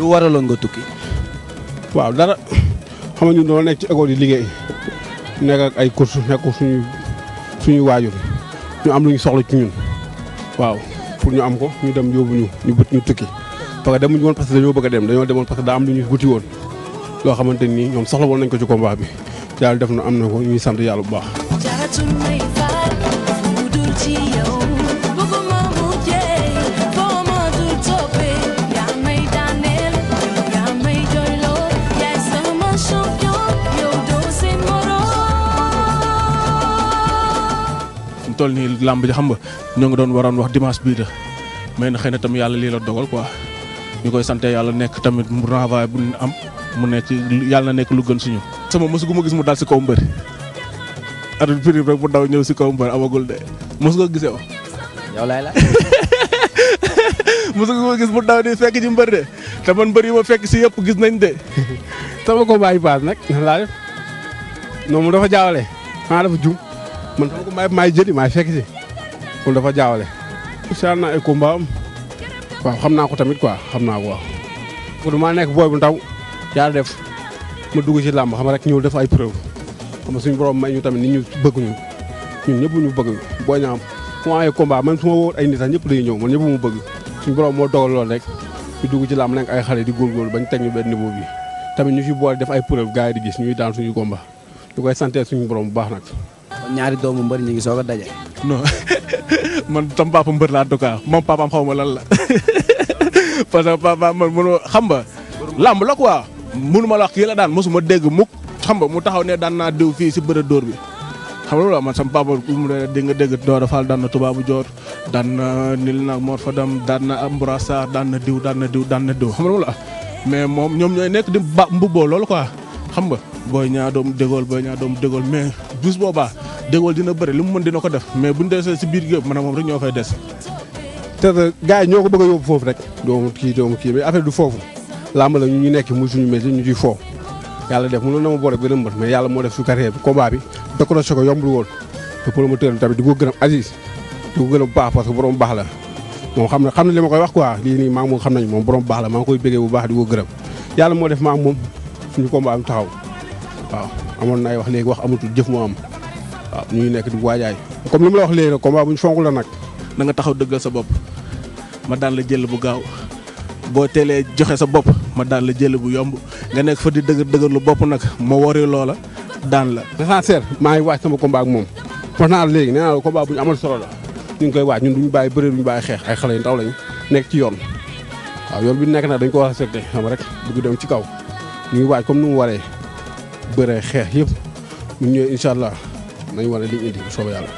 lu waraloon nga tukki. waaw dara xam nga ñun dañoo nekk ci école yi liggéey nekk ak ay course nekk suñu suñu waajur ñu am lu ñu soxla ci ñun waaw pour ñu am ko ñu dem yóbbu ñu ñu bët ñu tukki parce que demuñu woon parce que dañoo bëgg dem dañoo demoon parce que daa am lu ñu wuti woon loo xamante nii ñoom soxla woon nañ ko ci combat bi yàlla def na am na ko ñuy sant yàlla bu baax. toll nii làmb ji xam nga ñoo ngi doon waroon wax dimanche bii la mais na xëy na tam yàlla lii dogal quoi ñu koy sante yàlla nekk tamit mu renvoyé bu ñu am mu nekk yàlla na nekk lu gën suñu. sama mos gu ma gis mu dal si kaw mbër at bi rek mu daw ñëw si kaw mbër amagul de mos nga gisee wax. la. mos gis mu daw di fekk ci mbër de te man mbër yi fekk si yëpp gis nañ de. sama ko bàyyi paas nag nan laa def noonu dafa jaawale xanaa dafa jum. man dama ko may maay jëli maay fekk si dafa jaawale. incha allah ay combat waaw xam naa ko tamit quoi xam naa ko waaw. pour maa nekk booy bu ndaw yaa def ma dugg ci làmb xam rek ñëw def ay preuve xam suñu borom may ñu tamit ni ñu bëgg ñu ñun ñëpp ñu bëgg boo ñaam fu ma amee man su ma woo ay nit ñëpp dañuy ñëw man ñëpp mu bëgg suñu borom moo dogal lool rek ñu dugg ci làmb nekk ay xale di góorgóorlu bañ teg ñu benn niveau tamit ñu fi boole def ay preuve gars yi di gis suñu combat ñu koy santé suñu borom bu baax nag. ñaari doomu mbër ñu ngi soog a daje. non man tam papa mbër laa en tout cas xaw ma lan la parce que papa man mënoo xam nga. làmb la waa munu ma la kii la daan mosuma dégg mukk xam nga mu taxaw ne daan naa diw fii si bëre dóor bi. xam nga loolu man sama papa mu ne dégg Doora Fall na tubaabu joor daan na nil na Mor daan na Ambrassa daan na diw daan na diw daan na diw xam nga loolu mais moom ñoom ñooy nekk di ba mbubboo loolu quoi xam nga booy ñaa doom dégool booy ñaa doom dégool mais bus boobaa déggoo dina bëri li mu mën dina ko def mais buñ desee si biir géej man moom rek ñoo fay des. te gars ñoo ko bëgg a yóbbu foofu rek. doomu kii doomu kii mais affaire du foofu làmb la ñu ñu nekk muy suñu métier ñu ciy foo yàlla def mënoon na ma boole benn mbër yàlla moo def su carrière bi combat bi décroché ko yombul woon te promoteur bi tamit di ko gërëm Aziz di ko gërëm bu baax parce que baax la moom xam ne xam na li ma koy wax quoi lii nii maa ngi xam nañ moom borom baax la maa ngi koy bëggee bu baax di moo def maa moom suñu combat am taxaw waaw amoon na wax léegi wax amatul jëf moo am waaw ah, ñu ngi nekk di waajaay comme li mu la wax léegi nag combat bu ñu fonk la nag. na nga taxaw dëggal sa bopp ma daan la jël bu gaaw boo teelee joxe sa bopp ma daan la jël bu yomb nga nekk fa di dëgër dëgër lu bopp nag ma wari loola daan la. l'essentiel maa ngi waaj sama combat ak moom wax naa léegi nee naa la combat bu ñu amal solo la ñu ngi koy waaj ñun du ñu bàyyi bëre ñu bàyyi xeex ay xale yu ndaw lañu nekk ci yoon waaw yoon bi nekk nag dañ ko wax a respecté xam rek bëgg dem ci kaw ñu ngi waaj comme ni mu waree bëre xeex yëpp ñun ñëwee incha allah nañ wane liñ indi bu soobee yàlla.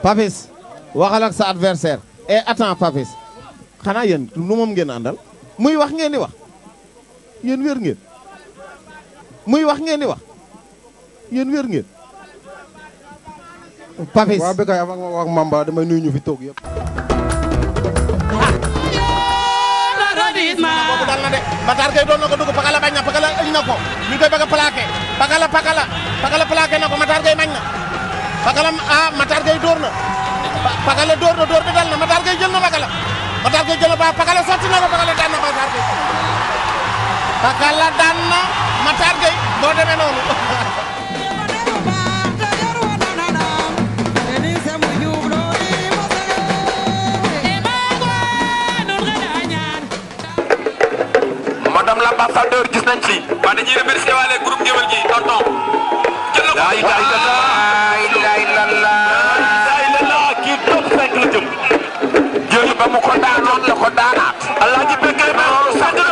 Papis waxal sa adversaire et eh, attends Papis xanaa yéen lu moom ngeen àndal muy wax ngeen di wax yéen wér ngeen muy wax ngeen di wax yéen wér ngeen Papis waaw békay avant ma wax Mamba damay nuyu ñu fi toog yëpp boobu dal na de Matar Gueye doon na ko dugg Pakala bañ na Pakala ëñ na ko ñu koy bëgg a plaqué Pakala Pakala Pakala plaqué na ko Matar Gueye mañ na Pakala ah Matar Gueye door na Pakala door na door bi dal na Matar Gueye jël na Pakala Matar Gueye jël na ba Pakala sotti na ko Pakala daan na Matar Gueye Pakala daan na Matar Gueye boo demee noonu. madame l'ambassadeur gis nañ ci. waaw dañuy remercier waale groupe Géwël gi tonton. jël na ko noonu la ko daanaat. allah ji bëggee e. ba loolu sànq na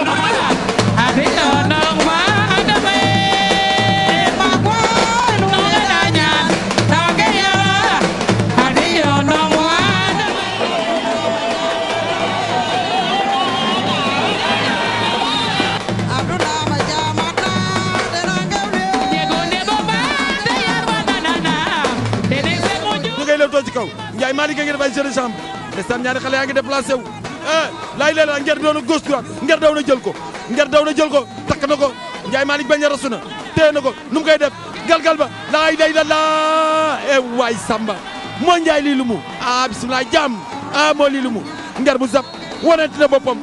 ko. Ndiaye Malick a ngi def ay jeu de jambe. Ndeysaan ñaari xale yaa ngi déplacé wu. Eh, laay lee la nger daw na gauche droite nger daw na jël ko nger daw na jël ko takk na ko Ndiaye Malick bañ a rasu na téye na ko nu mu koy def galgal ba laay day la laa e waay samba moo Ndiaye lii lu mu a ah, bisimilah jàmm a ah, moo lii lu mu nger bu zap wanenti na boppam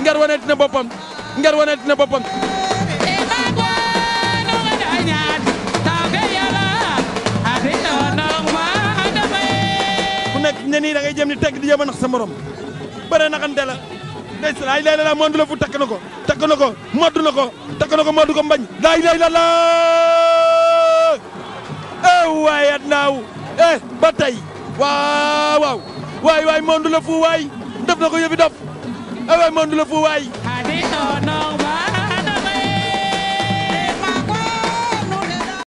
nger wanenti na boppam nger wanenti na boppam ku nekk ne nii da ngay jëm ni tegg di jëm a nax sa morom bëre naxante la ndeysaan laay lay la la mondu la fu takk na ko takk na ko moddu na ko takk na ko moddu ko mbañ laay lay la la eh waay at naaw eh ba tey waaw la fu waay def na ko yëfi dof eh waay la fu waay